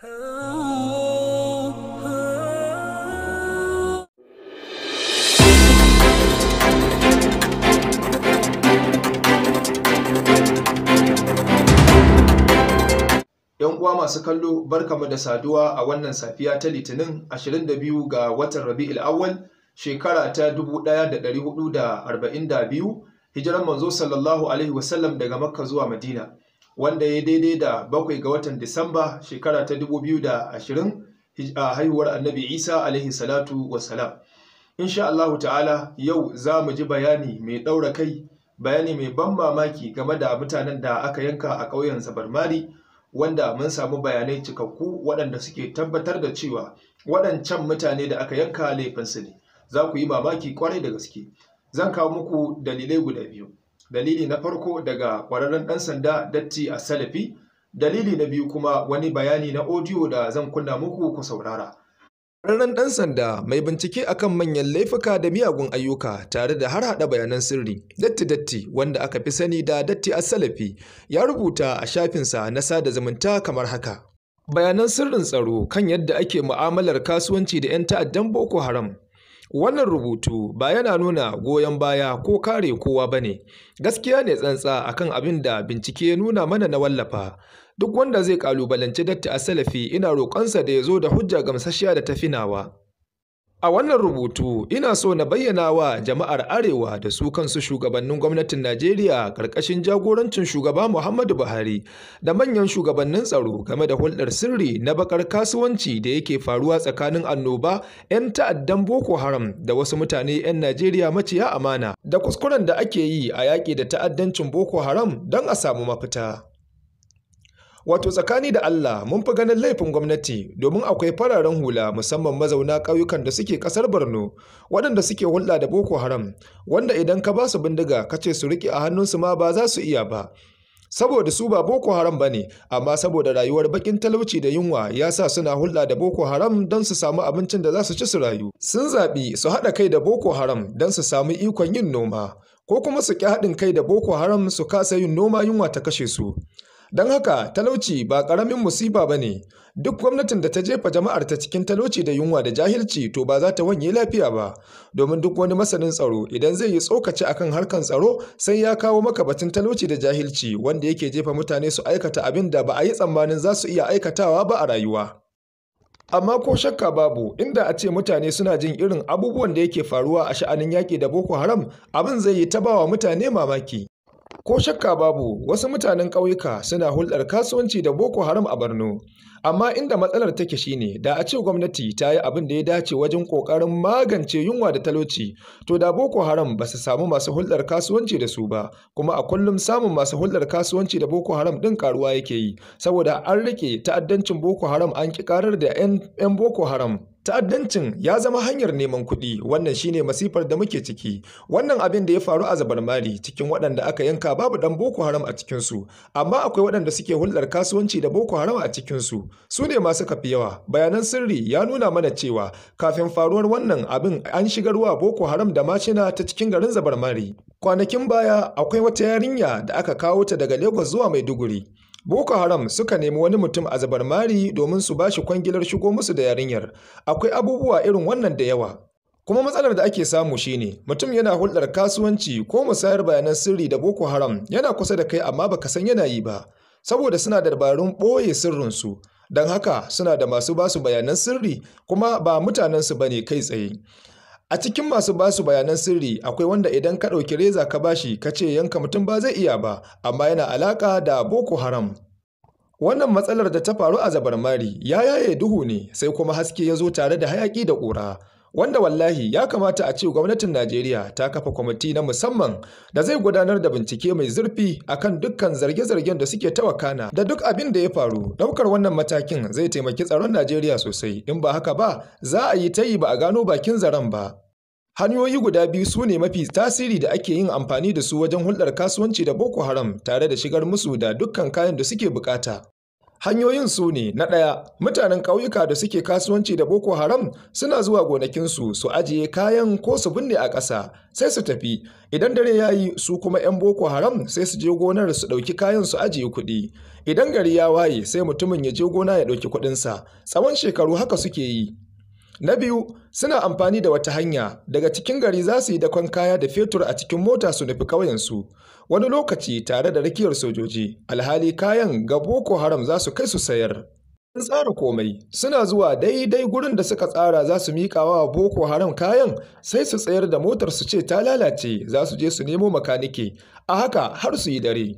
‘Yan uwa masu kallo barkamu da saduwa a wannan safiya ta Litinin 22 ga watan Rabi'ul Awwal shekara ta 1442 hijiran manzo sallallahu alaihi wasallam daga Makka zuwa Madina. wanda ya daidai da bakwai ga watan Disamba shekara ta dubu biyu da 2020 a haihuwar Annabi Isa alaihi salatu wassalam. Insha Allahu ta'ala yau za mu ji bayani mai ɗaura kai, bayani mai ban mamaki game da mutanen da aka yanka a ƙauyen Zabarmari wanda mun samu bayanai cikakku waɗanda suke tabbatar da cewa waɗancan mutane da aka yanka laifinsu ne. Za ku yi mamaki kwarai da gaske. Zan kawo muku dalilai guda biyu. dalili na farko daga ƙwararren ɗan sanda datti a salafi dalili na biyu kuma wani bayani na audio da zan kunna muku ku saurara ƙwararren ɗan sanda mai bincike akan manyan laifuka da miyagun ayyuka tare da har hada bayanan sirri datti datti wanda aka fi sani da datti a salafi ya rubuta a shafinsa na sada zumunta kamar haka bayanan sirrin tsaro kan yadda ake mu'amalar kasuwanci da 'yan ta'addan boko haram Wannan rubutu ba yana nuna goyon baya ko kare kowa ba ne, gaskiya ne tsantsa akan abin da bincike ya nuna mana na wallafa. Duk wanda zai ƙalubalanci Datti a Salafi ina roƙonsa da ya zo da hujja gamsasshiya da ta fi nawa. A wannan rubutu ina so na bayyana wa jama'ar Arewa da su kansu shugabannin gwamnatin Najeriya ƙarƙashin jagorancin shugaba Muhammadu Buhari da manyan shugabannin tsaro game da hulɗar sirri na bakar kasuwanci da yake faruwa tsakanin annoba 'yan ta'addan Boko Haram da wasu mutane 'yan Najeriya maciya amana da kuskuren da ake yi a yaƙi da ta'addancin Boko Haram don a samu mafita. Wato tsakani da Allah mun fi ganin laifin gwamnati domin akwai fararen hula musamman mazauna ƙauyukan da suke ƙasar Borno waɗanda suke hulɗa da Boko Haram wanda idan ka ba su bindiga ka ce su riƙe a hannunsu ma ba za su iya ba. Saboda su ba Boko Haram ba ne, amma saboda rayuwar bakin talauci da yunwa ya sa suna hulɗa da Boko Haram don su samu abincin da za su ci su rayu. Sun zaɓi su haɗa kai da Boko Haram don su samu ikon yin noma, ko kuma su ƙi haɗin kai da Boko Haram su kasa yin noma yunwa ta kashe su. Don haka talauci ba ƙaramin musiba ba ne, duk gwamnatin da ta jefa jama'ar ta cikin talauci da yunwa da jahilci to ba za ta wanye lafiya ba, domin duk wani masanin tsaro idan zai yi tsokaci akan harkan tsaro sai ya kawo maka batun talauci da jahilci wanda yake jefa mutane su aikata abin da ba a yi tsammanin za su iya aikatawa ba a rayuwa. Amma ko shakka babu inda a ce mutane suna jin irin abubuwan da yake faruwa a sha'anin yaƙi da Boko Haram abin zai yi ta bawa mutane mamaki. Ko shakka babu wasu mutanen ƙauyuka suna hulɗar kasuwanci da Boko Haram a Borno, amma inda matsalar take shine da a ce gwamnati ta yi abin da ya dace wajen ƙoƙarin magance yunwa da talauci, to da Boko Haram ba su samu masu hulɗar kasuwanci da su ba, kuma a kullum samun masu hulɗar kasuwanci da Boko Haram ɗin ƙaruwa yake yi, saboda an riƙe ta'addancin Boko Haram an ƙi ƙarar da 'yan Boko Haram. ta'addancin ya zama hanyar neman kuɗi wannan shine masifar da muke ciki wannan abin da ya faru a zabarmari cikin waɗanda aka yanka babu ɗan boko haram a cikinsu amma akwai waɗanda suke hulɗar kasuwanci da boko haram a cikinsu su ne masu kafi yawa bayanan sirri ya nuna mana cewa kafin faruwar wannan abin an shigarwa boko haram da mashina ta cikin garin zabarmari kwanakin baya akwai wata yarinya da aka kawo ta daga lagos zuwa maiduguri Boko Haram suka nemi wani mutum a zabar mari domin su bashi kwangilar shigo musu da yarinyar. Akwai abubuwa irin wannan da yawa. Kuma matsalar da ake samu shine mutum yana hulɗar kasuwanci ko musayar bayanan sirri da Boko Haram yana kusa da kai amma baka san yana yi ba. Saboda suna da dabarun ɓoye sirrinsu. Don haka suna da masu basu bayanan sirri kuma ba mutanensu ba ne kai tsaye. A cikin masu basu bayanan sirri akwai wanda idan ka ɗauki reza ka bashi ka ce yanka mutum ba zai iya ba, amma yana alaƙa da Boko Haram. Wannan matsalar da ta faru a Zabarmari ya yaye duhu ne sai kuma haske ya zo tare da hayaƙi da ƙura. Wanda wallahi ya kamata a ce gwamnatin Najeriya ta kafa kwamiti na musamman da zai gudanar da bincike mai zurfi akan dukkan zarge-zargen da suke tawakana. da duk abin da ya faru ɗaukar wannan matakin zai taimaki tsaron Najeriya sosai in ba haka ba za a yi tayi ba a gano bakin zaren ba. Hanyoyi guda biyu su ne mafi tasiri da ake yin amfani da su wajen hulɗar kasuwanci da Boko Haram tare da shigar musu da dukkan kayan da suke bukata. Hanyoyin su ne na ɗaya mutanen ƙauyuka da suke kasuwanci da Boko Haram suna zuwa gonakinsu su ajiye kayan ko su binne a ƙasa sai su tafi idan dare ya yi su kuma 'yan Boko Haram sai su je gonar su ɗauki kayan su ajiye kuɗi idan gari ya waye sai mutumin ya je gona ya ɗauki kuɗinsa tsawon shekaru haka suke yi. Na biyu, suna amfani da wata hanya daga cikin gari za su yi dakon kaya da fetur a cikin mota su nufi ƙauyensu, wani lokaci tare da rakiyar sojoji, alhali kayan ga Boko Haram za su kai su sayar. Sun tsara komai, suna zuwa daidai gurin da suka tsara za su miƙawa wa Boko Haram kayan sai su tsayar da motar su ce ta lalace za su je su nemo makanike, a haka har su yi dare.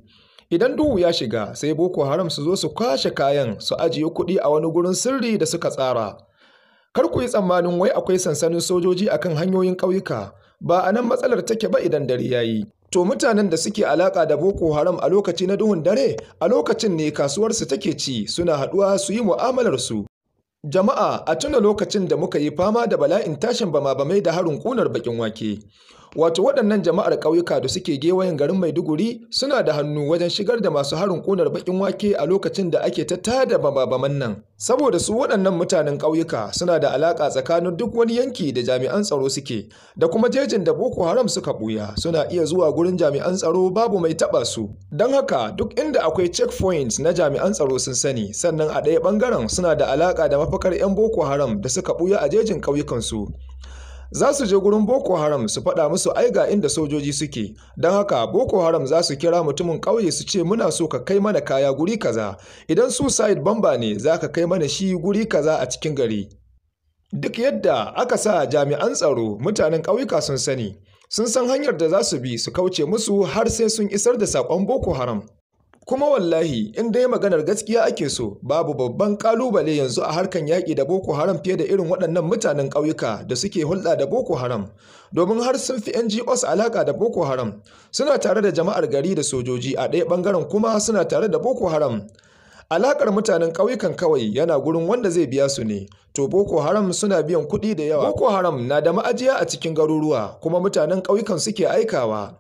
Idan duhu ya shiga sai Boko Haram su zo su kwashe kayan su ajiye kuɗi a wani gurin sirri da suka tsara. Kar ku yi tsammanin wai akwai sansanin sojoji akan hanyoyin ƙauyuka, ba a nan matsalar take ba idan dare ya yi. To mutanen da suke alaƙa da Boko Haram a lokaci na duhun dare, a lokacin ne kasuwarsu take ci suna haɗuwa su yi mu'amalarsu. Jama'a a tuna lokacin da muka yi fama da bala'in tashin bama-bamai da harin ƙunar baƙin wake. wato waɗannan jama'ar ƙauyuka da suke gewayen garin maiduguri suna da hannu wajen shigar da masu harin ƙunar baƙin wake a lokacin da ake ta tada bababaman nan saboda su waɗannan mutanen ƙauyuka suna da alaƙa tsakanin duk wani yanki da jami'an tsaro suke da kuma jejin da boko haram suka ɓuya suna iya zuwa gurin jami'an tsaro babu mai taɓa su don haka duk inda akwai checkpoint na jami'an tsaro sun sani sannan a ɗaya ɓangaren suna da alaƙa da mafakar 'yan boko haram da suka ɓuya a jejin ƙauyukansu za su je gurin Boko Haram su faɗa musu ai ga inda sojoji suke, don haka Boko Haram za su kira mutumin ƙauye su ce muna so ka kai mana kaya guri kaza, idan su suicide bamba ne za ka kai mana shi guri kaza a cikin gari. Duk yadda aka sa jami'an tsaro mutanen ƙauyuka sun sani, sun san hanyar da za su bi su kauce musu har sai sun isar da saƙon Boko Haram. Kuma wallahi in dai maganar gaskiya ake so babu babban ƙalubale yanzu a harkan yaƙi da Boko Haram fiye da irin waɗannan mutanen ƙauyuka da suke hulɗa da Boko Haram. Domin har sun fi NGOs alaƙa da Boko Haram suna tare da jama'ar gari da sojoji a ɗaya ɓangaren kuma suna tare da Boko Haram. alaƙar mutanen ƙauyukan kawai yana gurin wanda zai biya su ne, to Boko Haram suna biyan kuɗi da yawa. Boko Haram na da ma'ajiya a cikin garuruwa, kuma mutanen ƙauyukan suke aikawa.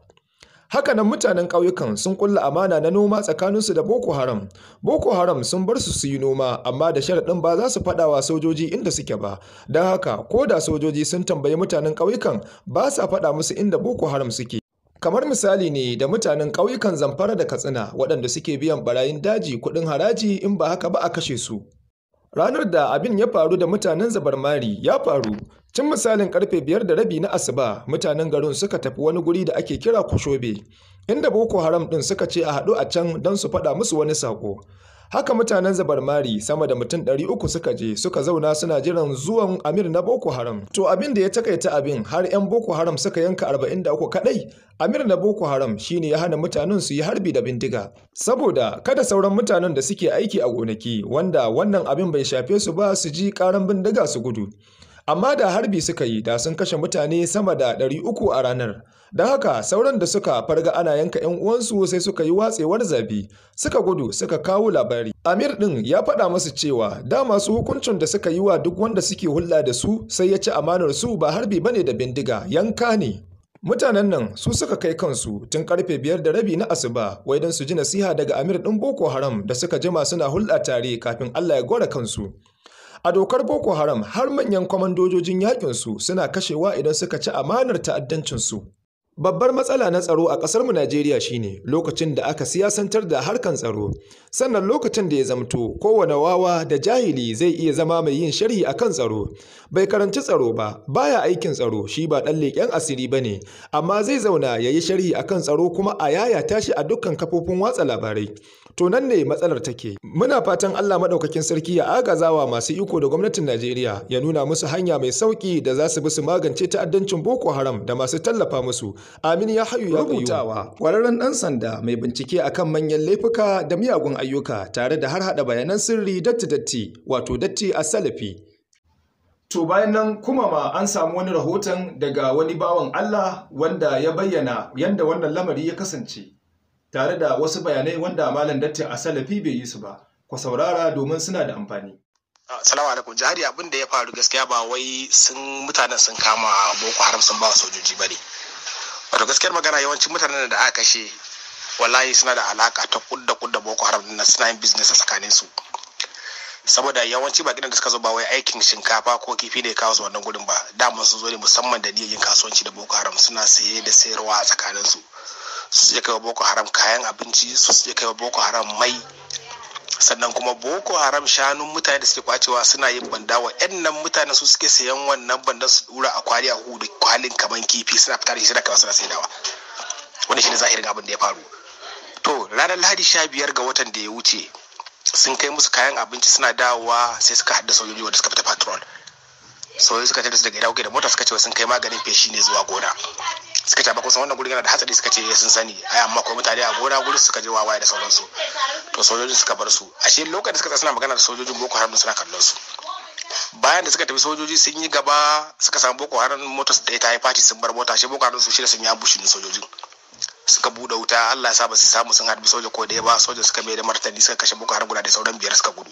Hakanan mutanen ƙauyukan sun ƙulla amana na noma tsakaninsu da Boko Haram. Boko Haram sun bar su su yi noma amma da sharaɗin ba za su faɗawa sojoji inda suke ba. Don haka ko da sojoji sun tambayi mutanen ƙauyukan ba sa faɗa musu inda Boko Haram suke. Kamar misali ne da mutanen ƙauyukan Zamfara da Katsina waɗanda suke biyan barayin daji kuɗin haraji in ba haka ba a kashe su. Ranar da abin ya faru da mutanen zabarmari ya faru Tun misalin karfe biyar da rabi na asuba mutanen garin suka tafi wani guri da ake kira Kushobe, inda Boko Haram ɗin suka ce a haɗu a can don su faɗa musu wani saƙo. Haka mutanen zabarmari sama da mutum ɗari uku suka je suka zauna suna jiran zuwan Amir na Boko Haram. To abin da ya takaita abin har 'yan Boko Haram suka yanka arba'in da uku kaɗai, Amir na Boko Haram shine ya hana mutanen su yi harbi da bindiga. Saboda kada sauran mutanen da suke aiki a gonaki wanda wannan abin bai shafe su ba su ji karan bindiga su gudu. amma da harbi suka yi da sun kashe mutane sama da 300 a ranar don haka sauran da suka farga ana yanka 'yan uwansu sai suka yi watsewar zabi suka gudu suka kawo labari amir ɗin ya faɗa musu cewa da masu hukuncin da suka yi wa duk wanda suke hulɗa da su sai ya ci amanar su ba harbi bane da bindiga yanka ne Mutanen nan su suka kai kansu tun karfe biyar da rabi na asuba wai don su ji nasiha daga amir ɗin Boko Haram da suka jima suna hulɗa tare kafin Allah ya gora kansu. A dokar Boko Haram har manyan kwamandojojin yaƙinsu suna kashewa idan suka ci amanar ta'addancinsu. Babbar matsala na tsaro a ƙasarmu Najeriya shine lokacin da aka siyasantar da harkan tsaro, sannan lokacin da ya zamto kowane wawa da jahili zai iya zama mai yin sharhi a kan tsaro. Bai karanci tsaro ba, baya aikin tsaro, shi ba ɗan leƙen asiri ba ne, amma zai zauna ya yi sharhi a kan tsaro kuma a yaya tashi a dukkan kafofin watsa labarai. to nan ne matsalar take muna fatan Allah maɗaukakin sarki ya agazawa masu iko da gwamnatin Najeriya ya nuna musu hanya mai sauki da za su bi su magance ta'addancin Boko Haram da masu tallafa musu amin ya hayu ya rubutawa kwararren ɗan sanda mai bincike akan manyan laifuka da miyagun ayyuka tare da har haɗa bayanan sirri datti datti wato datti a salafi To bayan nan kuma ma an samu wani rahoton daga wani bawan Allah wanda ya bayyana yadda wannan lamari ya kasance. tare da wasu bayanai wanda malam datti a salafi bai yi su ba ku saurara domin suna da amfani ah, salamu alaikum jihari abin da ya faru gaskiya ba wai sun mutanen sun kama boko haram sun ba sojoji bane wato gaskiyar magana yawancin mutanen da aka kashe wallahi suna da alaka ta kudda kudda boko haram din suna yin business a tsakanin su saboda yawanci bakin da suka zo ba wai aikin shinkafa ko kifi da ya kawo su wannan gudun ba dama sun zo ne musamman da niyyar kasuwanci da boko haram suna saye da sayarwa a tsakanin su su je kai boko haram kayan abinci su je kai boko haram mai sannan kuma boko haram shanun mutane da suke kwacewa suna yin banda wa yan mutanen su suke sayan wannan banda su dura a kwali a hudu kwalin kaman kifi suna fitar da shi da kamar suna saidawa wani shine zahirin abin da ya faru to ranar lahadi sha biyar ga watan da ya wuce sun kai musu kayan abinci suna dawowa sai suka haddasa sojoji wanda suka fita patrol sojoji suka tafi daga gida da mota suka ce sun kai maganin feshi ne zuwa gona suka ce bakon wannan guri yana da hatsari suka ce eh, sun sani ai amma akwai mutane a gona guri suka je wawaye da sauransu to sojojin suka bar su a shi lokacin da suka tsaya suna magana da sojojin boko haram suna kallon su bayan da suka tafi sojoji sun yi gaba suka samu boko haram motar da ta yi fati sun bar mota shi boko haram su da sun yi ambushin sojojin suka bude wuta Allah ya sa ba su samu sun hadu soja ko da ba soja suka mai da martani suka kashe boko haram guda da sauran biyar suka gudu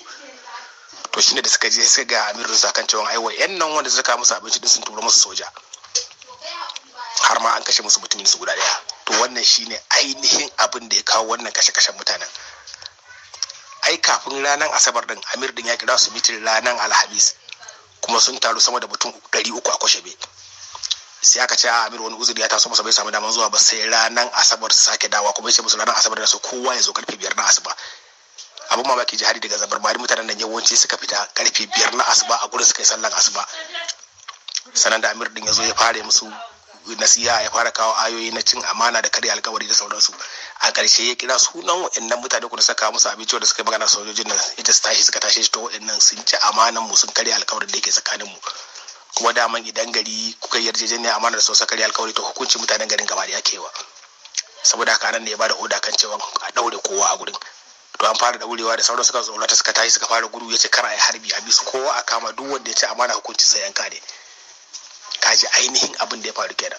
to shine da suka je suka ga amirin sakan cewa ai wayan nan wanda suka musu abinci din sun tura musu soja har ma an kashe musu mutumin su guda daya to wannan shine ainihin abin da ya kawo wannan kashe-kashen mutanen ai kafin ranar asabar din amir din ya kira su mitin ranar alhamis kuma sun taru sama da mutum dari uku a kwashebe sai aka ce a amir wani uzuri ya taso masa bai samu daman zuwa ba sai ranar asabar su sake dawa kuma ce musu ranar asabar da su kowa ya zo karfe biyar na asuba abin baki jihari daga zabar mari mutanen nan yawanci suka fita karfe biyar na asuba a gurin suka yi sallan asuba sanan da amir din ya zo ya fara musu nasiha ya fara kawo ayoyi na cin amana da karya alkawari da sauransu a ƙarshe ya kira sunan waɗannan mutane kuma saka musu abinci da suka magana sojojin nan ita su tashi suka tashi to waɗannan sun ci amanan mu sun karya alkawarin da yake tsakanin mu kuma daman idan gari kuka yarjejeniya amana da sosa karya alkawari to hukuncin mutanen garin gaba da ya kewa saboda haka nan ne ya bada oda kan cewa a ɗaure kowa a gurin to an fara daurewa da sauran suka ta suka tashi suka fara gudu ya ce kar a yi harbi a bisu kowa a kama duk wanda ya ci amana hukunci sai yanka ne kaji ainihin abin da ya faru kenan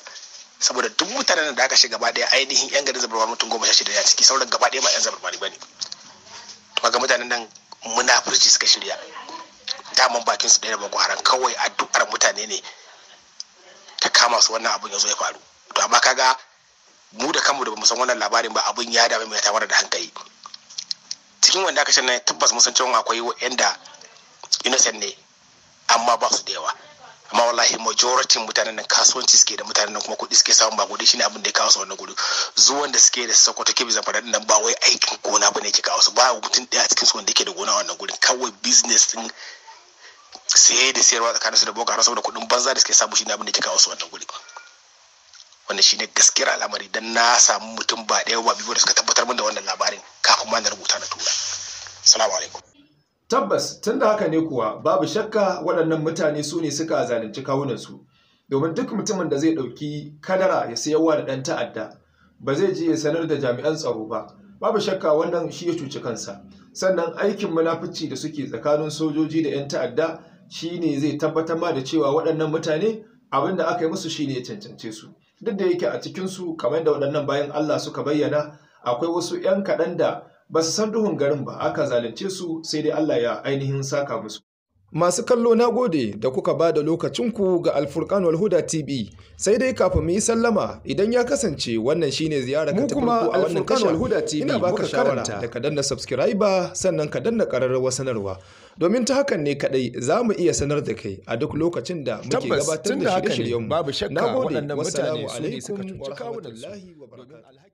saboda duk mutanen da aka shiga gaba daya ainihin yan garin zabarwa mutum goma sha shida ya ciki sauran gaba daya ba yan zabarwa ba ne to ga mutanen nan munafurci suka shirya daman bakin su da boko haram kawai addu'ar mutane ne ta kama su wannan abin ya zo ya faru to amma kaga mu da kanmu da bamu san wannan labarin ba abin ya dame mai tawar da hankali cikin wanda aka shirya tabbas mun san cewa akwai yanda innocent ne amma ba su da yawa amma wallahi majority mutanen nan kasuwanci suke da mutanen nan kuma kuɗi suke samun ba kuɗi shine abin da ya kawo su wannan gudu zuwan da suke da Sokoto Kebbi da nan ba wai aikin gona ne ke kawo su ba mutum ɗaya a cikin su wanda yake da gona wannan gurin kawai business din saye da sayarwa tsakanin su da boko haram saboda kuɗin banza da suke samu shine abin da ke kawo su wannan gurin wanda shine gaskiyar al'amari dan na samu mutum ba ɗaya ba biyu da suka tabbatar min da wannan labarin kafin ma na rubuta na tura assalamu alaikum Tabbas tun da haka ne kuwa babu shakka waɗannan mutane su ne suka zalunci kawunansu domin duk mutumin da zai ɗauki kadara ya sayarwa da ɗan ta'adda ba zai je ya sanar da jami'an tsaro ba babu shakka wannan shi ya cuci kansa sannan aikin munafici da suke tsakanin sojoji da 'yan ta'adda shi ne zai tabbatar ma da cewa waɗannan mutane abin da aka yi musu shi ne ya cancance su duk da yake a cikinsu kamar da waɗannan bayan Allah suka bayyana akwai wasu 'yan kaɗan da ba su san duhun garin ba aka zalunce su sai dai Allah ya ainihin saka musu Masu kallo na gode da kuka ba da lokacinku ga Alfurkan Walhuda TV. Sai dai kafin mu yi sallama idan ya kasance wannan shine ziyara ka ta farko a wannan kasha Walhuda TV ina baka shawara da ka danna subscriber sannan ka danna kararrawa sanarwa. Domin ta hakan ne kadai za mu iya sanar da kai a duk lokacin da muke gabatar da shirye-shiryenmu. Babu shakka mutane su ne suka cuci